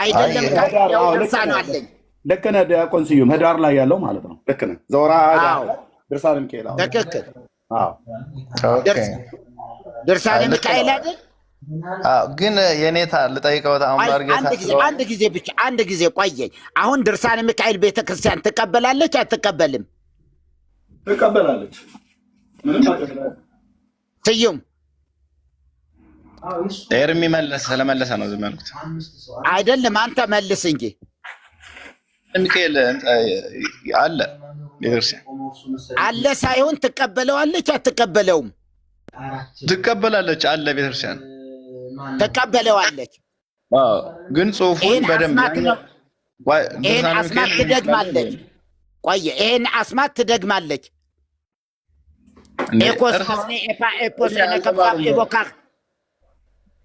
አይደለም ድርሳን አለኝ። ልክ ነህ ዲያቆን ስዩም ህዳር ላይ ያለው ማለት ነው። ልክ ነህ ዘወራ ድርሳነ ሚካኤል ትክክል። ድርሳነ ሚካኤል አይደል? ግን የኔታ ልጠይቀውት አንድ ጊዜ ብቻ አንድ ጊዜ ቆየኝ። አሁን ድርሳነ ሚካኤል ቤተክርስቲያን ትቀበላለች አትቀበልም? ትቀበላለች። ምንም ስዩም ኤርሚ መለሰ ስለመለሰ ነው ዝም ያልኩት። አይደለም አንተ መልስ እንጂ ሚካኤል አለ ቤተክርስቲያን አለ ሳይሆን ትቀበለዋለች አትቀበለውም? ትቀበላለች። አለ ቤተክርስቲያን ትቀበለዋለች። ግን ጽሑፉን በደንብ ይህን አስማት ትደግማለች። ቆይ ይህን አስማት ትደግማለች። ኤኮስ ኤፓ ኤፖስ ነከባ ኤቦካክ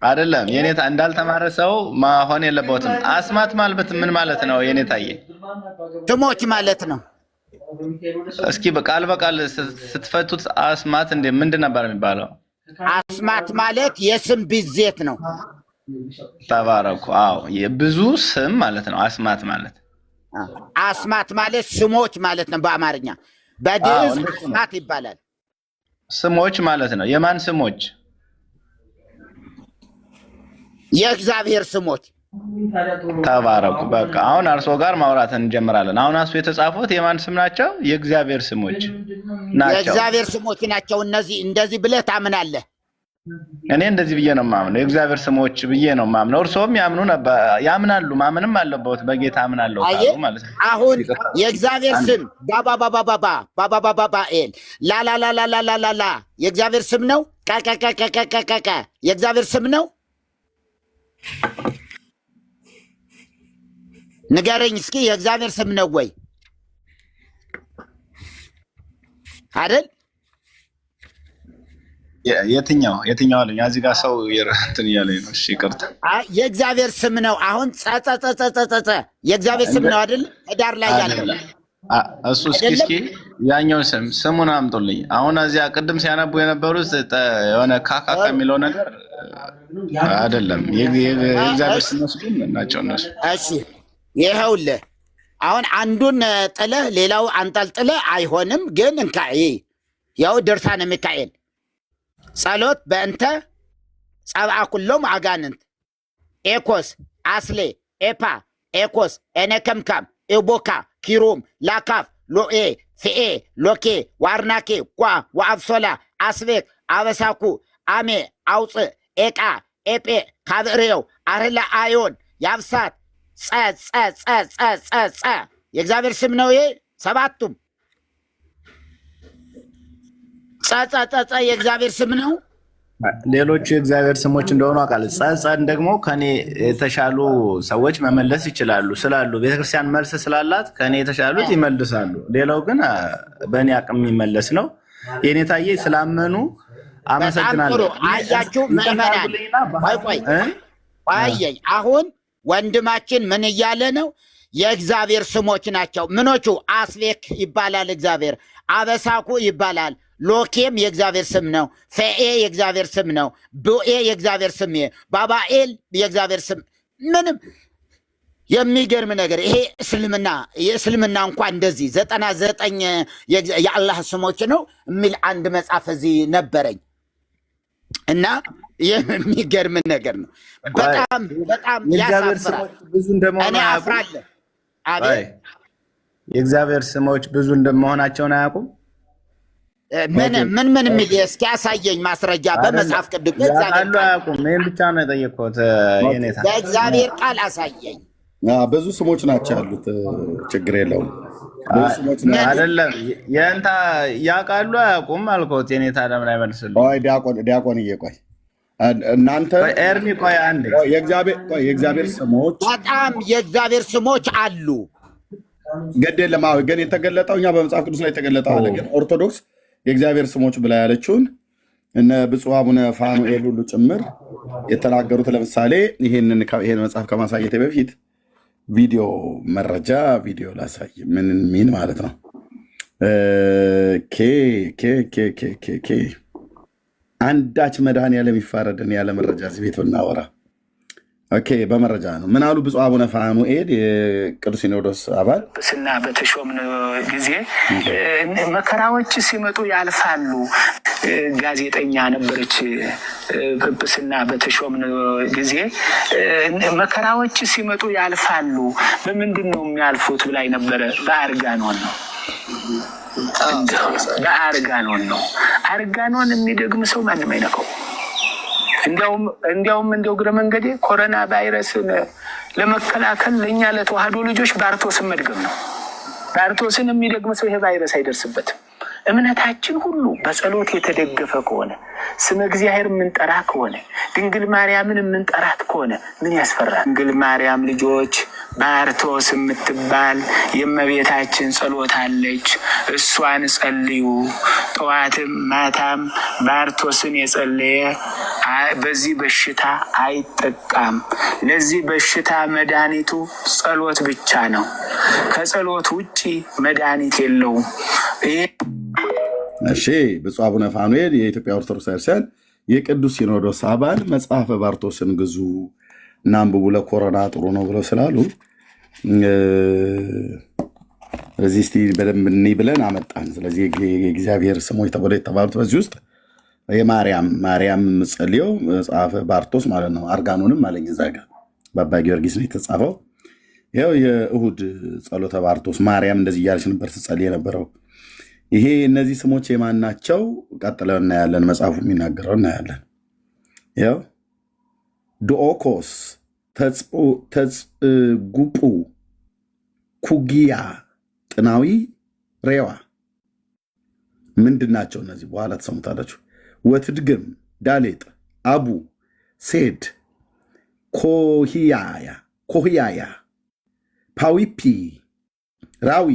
አይደለም የኔታ እንዳልተማረ ሰው መሆን የለበትም። አስማት ማለት ምን ማለት ነው? የኔታዬ ስሞች ማለት ነው። እስኪ በቃል በቃል ስትፈቱት አስማት እንደ ምንድን ነበር የሚባለው? አስማት ማለት የስም ብዜት ነው። ተባረኩ። አዎ ብዙ ስም ማለት ነው። አስማት ማለት አስማት ማለት ስሞች ማለት ነው በአማርኛ። በግዕዝ አስማት ይባላል። ስሞች ማለት ነው። የማን ስሞች? የእግዚአብሔር ስሞች ተባረኩ። በቃ አሁን አርሶ ጋር ማውራት እንጀምራለን። አሁን አርሶ የተጻፉት የማን ስም ናቸው? የእግዚአብሔር ስሞች ናቸው። የእግዚአብሔር ስሞች ናቸው። እነዚህ እንደዚህ ብለህ ታምናለህ? እኔ እንደዚህ ብዬ ነው ማምነው። የእግዚአብሔር ስሞች ብዬ ነው ማምነው። እርሶም ያምኑ ነበር፣ ያምናሉ። ማምንም አለበት በጌታ አምናለሁ ማለት ነው። አሁን የእግዚአብሔር ስም ባባባባባባ ባባባባባ ኤል ላላላላላላላ የእግዚአብሔር ስም ነው። ቀቀቀቀቀቀቀ የእግዚአብሔር ስም ነው። ንገረኝ እስኪ የእግዚአብሔር ስም ነው ወይ አይደል? የትኛው የትኛው አለኝ። እዚህ ጋር ሰው እንትን እያለኝ ነው። እሺ ይቅርታ። የእግዚአብሔር ስም ነው። አሁን ጸጸጸጸጸጸ የእግዚአብሔር ስም ነው አይደል? ዳር ላይ ያለ እሱ። እስኪ እስኪ ያኛው ስም ስሙን አምጡልኝ። አሁን እዚያ ቅድም ሲያነቡ የነበሩት የሆነ ካካ ከሚለው ነገር አይደለም የእግዚአብሔር ስነሱ ናቸው እነሱ። እሺ ይኸውልህ አሁን አንዱን ጥለህ ሌላው አንጠልጥለህ አይሆንም። ግን እንካ ያው ድርሳነ ሚካኤል ጸሎት በእንተ ጸብአ ኩሎም አጋንንት ኤኮስ አስሌ ኤፓ ኤኮስ ኤነከምካም ኤቦካ ኪሩም ላካፍ ሎኤ ፍኤ ሎኬ ዋርናኬ ኳ ወአብሶላ አስቤክ አበሳኩ አሜ አውፅእ ኤቃ ኤጴ ካብርዮ አርላ አዮን ያብሳት ጸጸጸጸጸጸ የእግዚአብሔር ስም ነው። ይሄ ሰባቱም ጸጸጸጸ የእግዚአብሔር ስም ነው። ሌሎቹ የእግዚአብሔር ስሞች እንደሆኑ አውቃለሁ። ጸጸን ደግሞ ከኔ የተሻሉ ሰዎች መመለስ ይችላሉ ስላሉ ቤተክርስቲያን መልስ ስላላት ከኔ የተሻሉት ይመልሳሉ። ሌላው ግን በእኔ አቅም የሚመለስ ነው። የኔታዬ ስላመኑ አመሰግናለሁ። አያችሁ ምዕመናን፣ ቆይ ቆይ ቆይ፣ አሁን ወንድማችን ምን እያለ ነው? የእግዚአብሔር ስሞች ናቸው። ምኖቹ አስቤክ ይባላል እግዚአብሔር፣ አበሳኩ ይባላል። ሎኬም የእግዚአብሔር ስም ነው። ፈኤ የእግዚአብሔር ስም ነው። ቡኤ የእግዚአብሔር ስም፣ ባባኤል የእግዚአብሔር ስም። ምንም የሚገርም ነገር ይሄ እስልምና የእስልምና እንኳ እንደዚህ ዘጠና ዘጠኝ የአላህ ስሞች ነው የሚል አንድ መጽሐፍ እዚህ ነበረኝ። እና የሚገርም ነገር ነው። በጣም በጣም ያሳፍራል። ብዙ እንደመሆን አፍራለ አቤት የእግዚአብሔር ስሞች ብዙ እንደመሆናቸውን አያውቁም። ምን ምን ምን የሚል እስኪ ያሳየኝ ማስረጃ በመጽሐፍ ቅዱስ አያውቁም። ይህን ብቻ ነው የጠየቅኩት። በእግዚአብሔር ቃል አሳየኝ። ብዙ ስሞች ናቸው ያሉት። ችግር የለውም። አይደለም የንታ ያውቃሉ አያውቁም አልከው። ቴኔታ ለምን አይመልስልም? ዲያቆን እየቆይ እናንተ ኤርሚ ቆይ አንዴ የእግዚአብሔር ስሞች በጣም የእግዚአብሔር ስሞች አሉ። ገድ የለም ግን የተገለጠው እኛ በመጽሐፍ ቅዱስ ላይ የተገለጠ አለ። ግን ኦርቶዶክስ የእግዚአብሔር ስሞች ብላ ያለችውን እነ ብፁዕ አቡነ ፋኑኤል ሁሉ ጭምር የተናገሩት ለምሳሌ ይህን መጽሐፍ ከማሳየት በፊት ቪዲዮ መረጃ ቪዲዮ ላሳይ። ምን ሚን ማለት ነው? አንዳች መድኃኔዓለም ይፋረደን ያለ መረጃ እዚህ ቤት ብናወራ ኦኬ በመረጃ ነው። ምን አሉ ብፁ አቡነ ፋኑኤል የቅዱስ ሲኖዶስ አባል ስና በተሾምን ጊዜ መከራዎች ሲመጡ ያልፋሉ። ጋዜጠኛ ነበረች። ጵጵስና በተሾምን ጊዜ መከራዎች ሲመጡ ያልፋሉ። በምንድን ነው የሚያልፉት ብላኝ ነበረ። በአርጋኖን ነው በአርጋኖን ነው። አርጋኖን የሚደግም ሰው ማንም አይነቀው። እንዲያውም እንደው እግረ መንገዴ ኮሮና ቫይረስን ለመከላከል ለእኛ ለተዋህዶ ልጆች ባርቶስን መድገም ነው። ባርቶስን የሚደግም ሰው ይሄ ቫይረስ አይደርስበትም። እምነታችን ሁሉ በጸሎት የተደገፈ ከሆነ ስመ እግዚአብሔር የምንጠራ ከሆነ ድንግል ማርያምን የምንጠራት ከሆነ ምን ያስፈራል? ድንግል ማርያም ልጆች ባርቶስ የምትባል የእመቤታችን ጸሎት አለች። እሷን ጸልዩ። ጠዋትም ማታም ባርቶስን የጸለየ በዚህ በሽታ አይጠቃም። ለዚህ በሽታ መድኃኒቱ ጸሎት ብቻ ነው። ከጸሎት ውጭ መድኃኒት የለውም። እሺ ብፁዕ አቡነ ፋኑኤል የኢትዮጵያ ኦርቶዶክስ ክርስቲያን የቅዱስ ሲኖዶስ አባል መጽሐፈ ባርቶስን ግዙ እና አንብቡ ለኮሮና ጥሩ ነው ብለው ስላሉ ስለዚህ እስቲ በደንብ ብለን አመጣን። ስለዚህ የእግዚአብሔር ስሞች ተብለው የተባሉት በዚህ ውስጥ የማርያም ማርያም ጸልዮ መጽሐፍ ባርቶስ ማለት ነው። አርጋኖንም አለኝ እዛ ጋር በአባ ጊዮርጊስ ነው የተጻፈው። ያው የእሁድ ጸሎተ ባርቶስ ማርያም እንደዚህ እያለች ነበር ትጸልይ የነበረው። ይሄ እነዚህ ስሞች የማን ናቸው? ቀጥለው እናያለን። መጽሐፉ የሚናገረው እናያለን። ያው ዶኦኮስ፣ ተጽጉጡ፣ ኩጊያ፣ ጥናዊ፣ ሬዋ ምንድን ናቸው እነዚህ? በኋላ ተሰሙታላችሁ። ወትድግም ዳሌጥ አቡ ሴድ ኮህያያ ኮህያያ ፓዊፒ ራዊ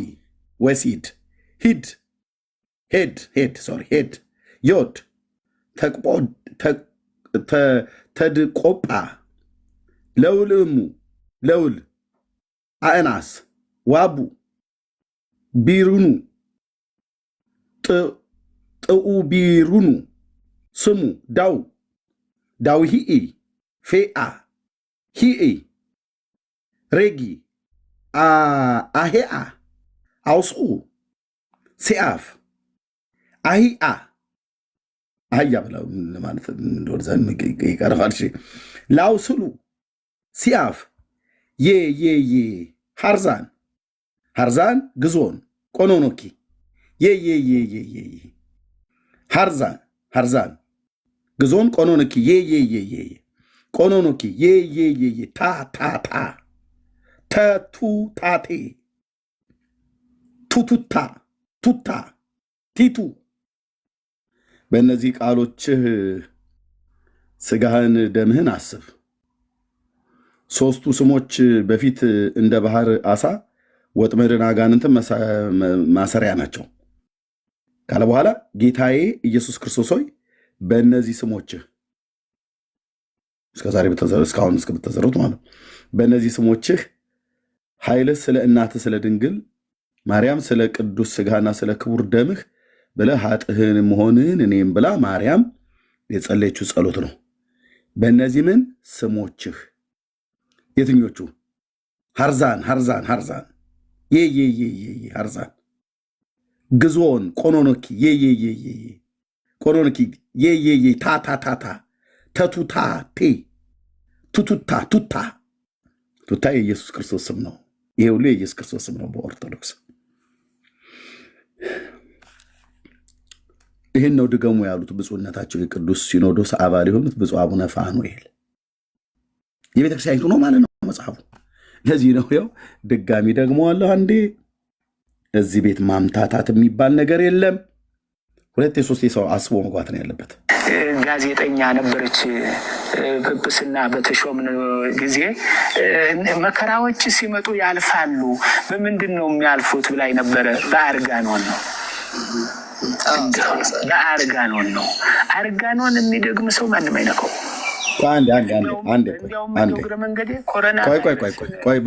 ወሲድ ሂድ ሄድ ሄድ ሶሪ ሄድ ዮድ ተድቆጳ ለውል እሙ ለውል አእናስ ዋቡ ቢሩኑ ጥኡ ቢሩኑ ስሙ ዳው ዳው ሂኢ ፌአ ሂኢ ሬጊ አሄአ አውስኡ ሴአፍ አሂአ አህያ ብለው ማለት እንደወደዛ ላውስሉ ሲአፍ የየየ ሃርዛን ሃርዛን ግዞን ቆኖኖኪ የየየየየ ሃርዛን ሃርዛን ግዞን ቆኖንኪ የየየየ ቆኖኖኪ የየየየ ታታታ ተቱታቴ ቱቱታ ቱታ ቲቱ በእነዚህ ቃሎችህ ስጋህን ደምህን አስብ። ሶስቱ ስሞች በፊት እንደ ባህር አሳ ወጥመድን አጋንንትን ማሰሪያ ናቸው ካለ በኋላ ጌታዬ ኢየሱስ ክርስቶስ ሆይ በእነዚህ ስሞችህ እስከዛሬ እስካሁን እስከምትዘሩት ማለት በእነዚህ ስሞችህ ኃይልህ ስለ እናትህ ስለ ድንግል ማርያም ስለ ቅዱስ ስጋና ስለ ክቡር ደምህ ብለህ ኃጥህን መሆንህን እኔም ብላ ማርያም የጸለየችው ጸሎት ነው። በእነዚህ ምን ስሞችህ የትኞቹ? ሀርዛን ሀርዛን ሀርዛን ሀርዛን ግዞን ቆኖኖኪ የ ቆሎንኪ የየየ ታታታታ ተቱታ ቴ ቱቱታ ቱታ ቱታ የኢየሱስ ክርስቶስ ስም ነው። ይሄ ሁሉ የኢየሱስ ክርስቶስ ስም ነው። በኦርቶዶክስ ይህን ነው ድገሙ ያሉት ብፁዕነታቸው የቅዱስ ሲኖዶስ አባል የሆኑት ብፁዕ አቡነ ፋኑኤል የቤተክርስቲያኒቱ ነው ማለት ነው መጽሐፉ። ለዚህ ነው ው ድጋሚ ደግሞ አለሁ አንዴ እዚህ ቤት ማምታታት የሚባል ነገር የለም። ሁለት የሶስት የሰው አስቦ መግባት ነው ያለበት። ጋዜጠኛ ነበረች ጵጵስና በተሾምን ጊዜ መከራዎች ሲመጡ ያልፋሉ፣ በምንድን ነው የሚያልፉት ብላኝ ነበረ። በአርጋኖን ነው በአርጋኖን ነው። አርጋኖን የሚደግም ሰው ማንም አይነቀው ቆይ ይተው እንጂ ቆይ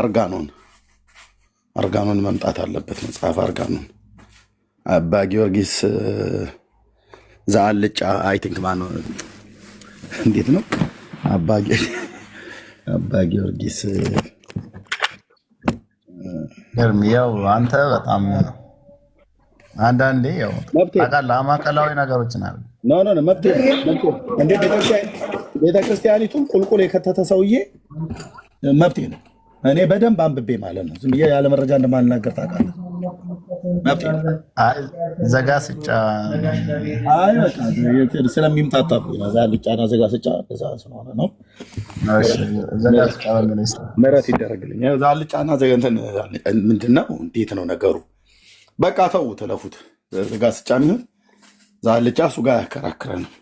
አርጋኖን አርጋኖን መምጣት አለበት። መጽሐፍ አርጋኖን አባ ጊዮርጊስ ዘአልጫ አይ ቲንክ ማነው እንዴት ነው አባ ጊዮርጊስ ያው አንተ በጣም አንዳንዴ ያው ታውቃለህ ነገሮች ናሉ ቤተክርስቲያኒቱን ቁልቁል የከተተ ሰውዬ መብቴ ነው። እኔ በደንብ አንብቤ ማለት ነው። ዝም ብዬ ያለ መረጃ እንደማልናገር ታውቃለህ። ዘጋ ስጫ ስለሚምጣጣ ልጫና ዘጋ ስጫ ስለሆነ ነው። ምህረት ይደረግልኝ። ዛልጫና ምንድነው? እንዴት ነው ነገሩ? በቃ ተው ተለፉት። ዘጋ ስጫ የሚሆን ዛልጫ እሱ ጋር ያከራክረ ነው።